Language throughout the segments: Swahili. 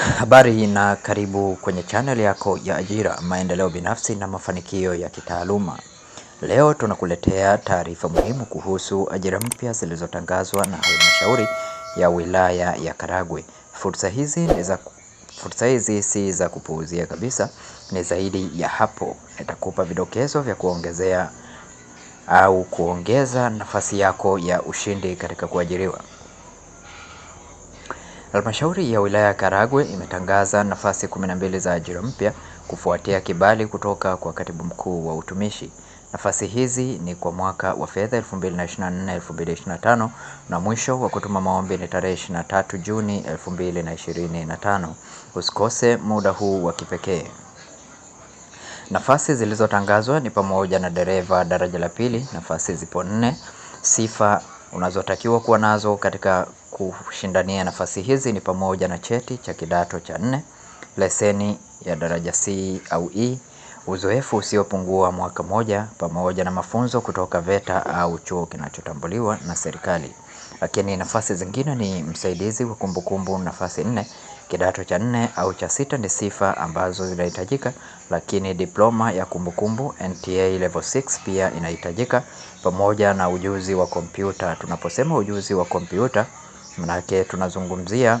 Habari na karibu kwenye channel yako ya ajira, maendeleo binafsi na mafanikio ya kitaaluma. Leo tunakuletea taarifa muhimu kuhusu ajira mpya zilizotangazwa na halmashauri ya wilaya ya Karagwe. Fursa hizi ni za fursa hizi si za kupuuzia kabisa, ni zaidi ya hapo. Nitakupa vidokezo vya kuongezea au kuongeza nafasi yako ya ushindi katika kuajiriwa. Halmashauri ya wilaya ya Karagwe imetangaza nafasi 12 za ajira mpya kufuatia kibali kutoka kwa Katibu Mkuu wa Utumishi. Nafasi hizi ni kwa mwaka wa fedha 2024/2025 na mwisho wa kutuma maombi ni tarehe 23 Juni 2025. Usikose muda huu wa kipekee. Nafasi zilizotangazwa ni pamoja na dereva daraja la pili, nafasi zipo nne. Sifa unazotakiwa kuwa nazo katika kushindania nafasi hizi ni pamoja na cheti cha kidato cha nne, leseni ya daraja C au E, uzoefu usiopungua mwaka moja, pamoja na mafunzo kutoka VETA au chuo kinachotambuliwa na serikali. Lakini nafasi zingine ni msaidizi wa kumbukumbu nafasi nne, Kidato cha nne au cha sita ni sifa ambazo zinahitajika, lakini diploma ya kumbukumbu NTA level 6 pia inahitajika pamoja na ujuzi wa kompyuta. Tunaposema ujuzi wa kompyuta, manake tunazungumzia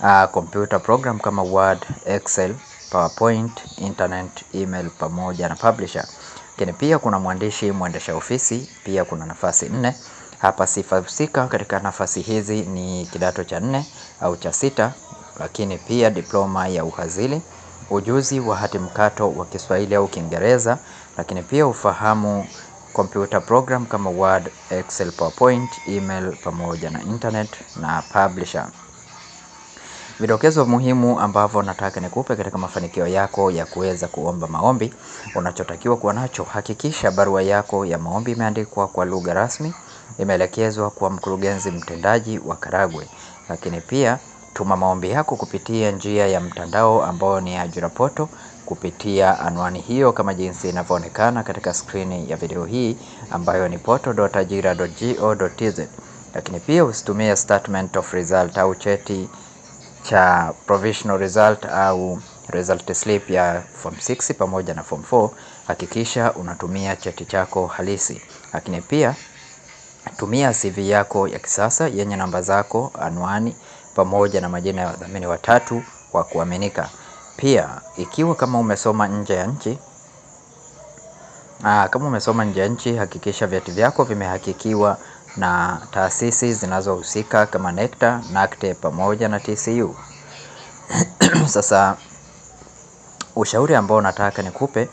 uh, computer program kama Word, Excel, PowerPoint, internet, email pamoja na publisher. Lakini pia kuna mwandishi, mwendesha ofisi, pia kuna nafasi nne. Hapa sifa husika katika nafasi hizi ni kidato cha nne au cha sita, lakini pia diploma ya uhazili, ujuzi wa hati mkato wa Kiswahili au Kiingereza, lakini pia ufahamu computer program kama Word, Excel, PowerPoint, email pamoja na internet na publisher. Vidokezo muhimu ambavyo nataka nikupe katika mafanikio yako ya kuweza kuomba maombi, unachotakiwa kuwa nacho, hakikisha barua yako ya maombi imeandikwa kwa lugha rasmi imeelekezwa kwa mkurugenzi mtendaji wa Karagwe. Lakini pia tuma maombi yako kupitia njia ya mtandao ambao ni Ajira Portal kupitia anwani hiyo kama jinsi inavyoonekana katika skrini ya video hii ambayo ni portal.ajira.go.tz. Lakini pia usitumie statement of result au cheti cha provisional result au result slip ya form 6 pamoja na form 4. Hakikisha unatumia cheti chako halisi, lakini pia Tumia CV yako ya kisasa yenye namba zako, anwani, pamoja na majina ya wadhamini watatu wa kuaminika. Pia, ikiwa kama umesoma nje ya nchi, ah, kama umesoma nje ya nchi, hakikisha vyeti vyako vimehakikiwa na taasisi zinazohusika kama NECTA, NACTE pamoja na TCU. Sasa ushauri ambao nataka nikupe,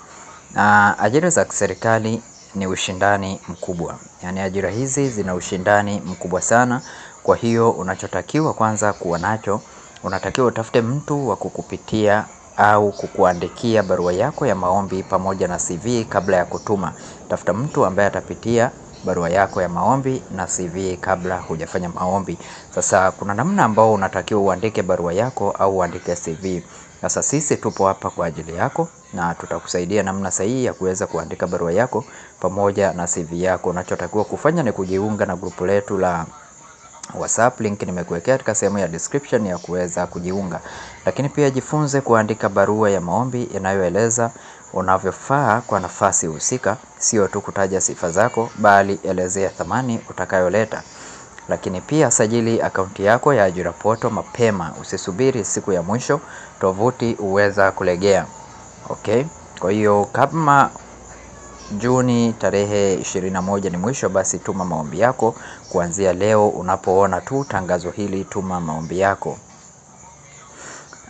ah, ajira za kiserikali ni ushindani mkubwa, yaani ajira hizi zina ushindani mkubwa sana. Kwa hiyo unachotakiwa kwanza kuwa nacho, unatakiwa utafute mtu wa kukupitia au kukuandikia barua yako ya maombi pamoja na CV kabla ya kutuma. Tafuta mtu ambaye atapitia barua yako ya maombi na CV kabla hujafanya maombi. Sasa kuna namna ambao unatakiwa uandike barua yako au uandike CV. Sasa sisi tupo hapa kwa ajili yako na tutakusaidia namna sahihi ya kuweza kuandika barua yako pamoja na CV yako. Unachotakiwa kufanya ni kujiunga na grupu letu la WhatsApp link nimekuwekea katika sehemu ya description ya kuweza kujiunga. Lakini pia jifunze kuandika barua ya maombi inayoeleza unavyofaa kwa nafasi husika, sio tu kutaja sifa zako, bali elezea thamani utakayoleta. Lakini pia sajili akaunti yako ya ajira poto mapema, usisubiri siku ya mwisho, tovuti huweza kulegea. Okay, kwa hiyo kama Juni tarehe 21 ni mwisho, basi tuma maombi yako kuanzia leo. Unapoona tu tangazo hili, tuma maombi yako.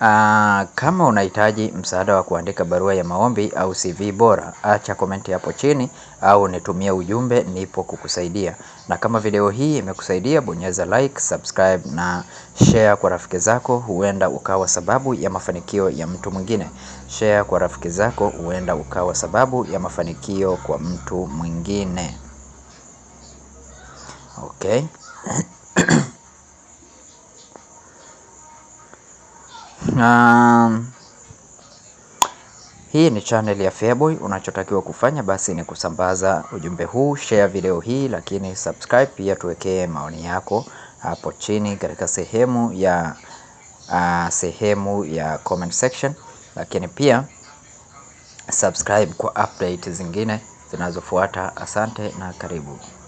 Ah, kama unahitaji msaada wa kuandika barua ya maombi au CV bora, acha komenti hapo chini au nitumie ujumbe nipo kukusaidia. Na kama video hii imekusaidia, bonyeza like, subscribe na share kwa rafiki zako, huenda ukawa sababu ya mafanikio ya mtu mwingine. Share kwa rafiki zako, huenda ukawa sababu ya mafanikio kwa mtu mwingine. Okay. Hii ni channel ya Feaboy. Unachotakiwa kufanya basi ni kusambaza ujumbe huu, share video hii, lakini subscribe pia. Tuwekee maoni yako hapo chini katika sehemu ya uh, sehemu ya comment section, lakini pia subscribe kwa update zingine zinazofuata. Asante na karibu.